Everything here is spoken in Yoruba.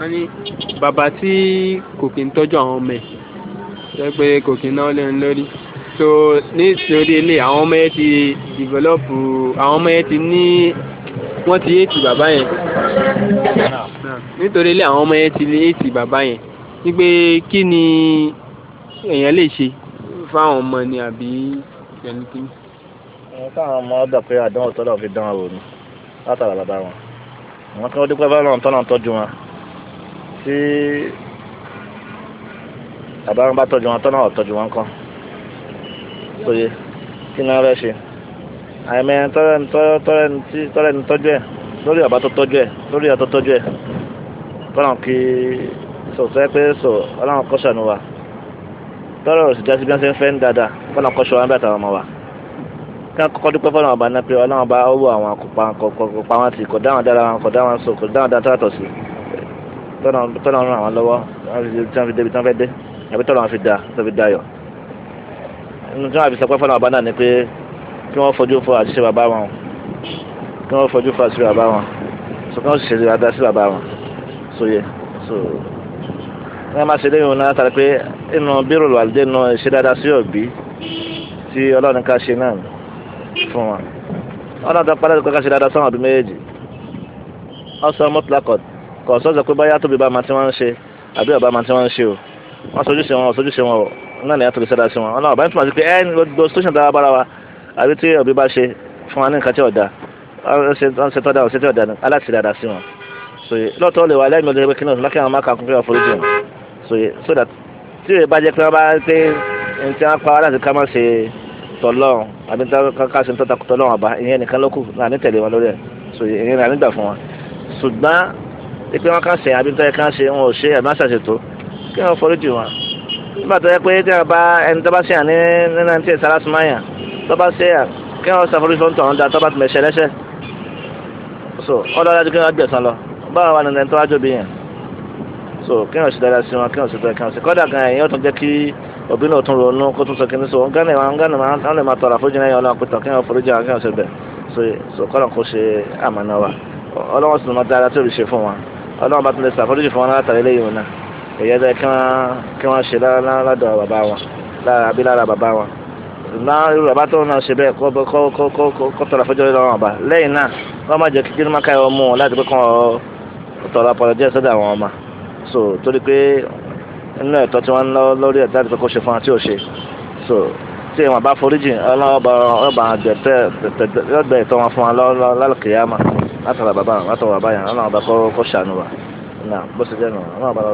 wọ́n ní bàbá tí kò kí ń tọ́jú àwọn ọmọ ẹ̀ jẹ́ pé kò kí ń náwó lẹ́nu lórí so ní ìsòrí ilé àwọn ọmọ yẹn ti develop àwọn ọmọ yẹn ti ní wọ́n ti éètì bàbá yẹn nítorí ilé àwọn ọmọ yẹn ti éètì bàbá yẹn wípé kí ni èèyàn lè ṣe fáwọn ọmọ ni àbí pẹ̀lú kí ni. káwọn ọmọ ọdọ pé àdánwò tọ́lọ̀ fi dán àwọn òní látara bàbá wọn àwọn kan ó dúpẹ́ bá lọ́n tọ́lọ̀ tọ́jú wọn tí bàbá wọn bá tọ́jú wọn tọ́nà ọ̀tọ́jú wọn kan tó yẹ kí ni wọ́n fẹ́ ṣe àìmọ ẹni tọ́rẹ́ ni tọ́jú ẹ̀ lórí bàbá tó tọ́jú ẹ̀ lórí ẹ̀ tó tọ́jú ẹ̀ tọ́nà kí sọ̀tọ́ pé sọ ọlọ́run kọ́ṣà ni wa tọ́rọ̀ òsì jásí bí wọ́n ṣe ń fẹ́ ń dáadáa fọ́nà kọ́ṣọ́ wọn bẹ́ẹ̀ tàwọn ọmọ wa kí wọ́n kọ́kọ́ dúpẹ́ fọ́nà ọba náà pé ọlọ́run bá owó àwọn kò pa wọn ti kò dáhùn dára wọn kò dáhùn sọ kò dáhùn dára tó àtọ̀ sí i tọ́nà ọ̀run àwọn lọ́wọ́ tí wọ́n fi débi tí wọ́n fẹ́ dé àbí tọ́nà wọn fi da tó fi dayọ̀ nínú tí wọ́n fi sọpẹ́ fọ́nà bàbá náà ni pé kí wọ́n fojú fo àṣìṣe bàbá wọn kí wọ́n fojú fo àṣìṣe bàbá wọn so kí wọ́n ṣe dáadáa sí bàbá wọn so yẹ so wọ́n máa ṣe lẹ́yìn òun látàrí pé inú bírò làlùdé inú ṣe dáadáa sí òbí tí ọlọ́run ká ṣe náà fún wọn ọlọ́run tó parí ẹ̀kọ́ ká ṣe dáadáa sọ́wọ́n ọdún méjèèjì ọ̀sán mọ́tò lákọ̀ọ́ kò sọ́jọ́ pé báyà tóbi bá ma ti wọ́n ń ṣe àbí ọba ma ti wọ́n ń ṣe o wọ́n sojúṣe wọn sojúṣe wọn o náà nìyà tóbi sẹ́dá sí wọn ọ̀nà ọ̀bá ń túmọ̀ sí pé ẹ́ gbogbo station dára bára wa àbí tí òbí bá ṣe fún wa ní nǹkan tí ọ̀dà wọ́n ṣe tọ́da ọ̀ṣẹ́ tí ọ̀dà aláṣẹ dáadáa sí wọn so lọ́tọ̀ lè wà lẹ́yìn ọdún ẹgbẹ́ kí náà lákẹ́ àwọn máa kàkún pé wọ́n forí jìn so so that tí ìwé bá jẹ́ pé wọ́n bá pé n ti wọ́n pa wá láti ká má ṣe tọ́lọ́run àbí ká ṣe tọ́ta tọ́lọ́run àbá ìyẹn nìkan ló kù náà ní tẹ̀lé wọn lórí ẹ̀ so ìyẹn náà wọn ṣùgbọ́n pé wọ́n kàn ṣe àbí tó yẹ kàn ṣe wọn ò ṣe àbí wọ́n ṣàṣètò kí wọ́n foríjì wọn. nígbà tó yẹ pé tí wọ́n bá ẹni tó bá ṣe àní ní náìjíríà ìsarasímáyà tó bá ṣe à kí wọ́n ṣàforíjì fún tọ̀hún dáa tó bá tìmẹ̀ ṣẹ lẹ́ṣẹ̀. so wọ́n lọ́ọ́ dájú kí wọ́n gbẹ̀sán lọ báwo wà nínú ẹni tó wá jòbí yẹn. so kí wọ́n ṣe dáadáa sí wọn kí wọ́n ṣe tó yẹ kí wọ́n ṣe kọ́dà gan ẹ̀yìn ó tún jẹ́ kí òbí náà tún ronú kó tún sọ kí ní so gánà ìwà gánà máa ń lè máa tọrọ àforíjì náà yọ ọlọ́run pé tọ̀ kí wọ́n foríjì àwọn kí wọ́n ṣe bẹ̀ so kọ́dà kó ṣe àmàna wa ọlọ́wọ́ sì máa dára tó lè ṣe fún wa ọlọ́run bá tún lè ṣàforíjì fún wọn látàrí ilé ìwọ̀n náà èyí ẹ̀dẹ̀ kí wọ́n ṣe ládọ̀ bàbá wọn lára bí lára bàbá wọn láàrin bàbá tó náà ṣe bẹ́ẹ̀ kó kó tọrọ àfẹ́jọ́ lọ́wọ́ wọn bá lẹ́yìn náà wọ́n má jẹ́ kí kíni máka ẹ̀wọ̀n mú wọn láti pé kàn ọ́ tọrọ àpọ̀lọ́jẹ́ sọ́dọ̀ àwọn ọmọ so torí pé inú ẹ̀tọ́ tí wọ́n ń lọ lórí ẹ̀ láti pé kó ṣe fún wọn tí ò ṣe so tí wọn bá foríjì ọlọ́wọ́ bá ọgbà ẹ̀tọ́ wọn fún wọn lálùkìyàmà látara bàbá àwọn látara bàbá yẹn àwọn àbá kọ́ ṣàánú wa náà bó ṣe jẹ́ nù àwọn àbá wa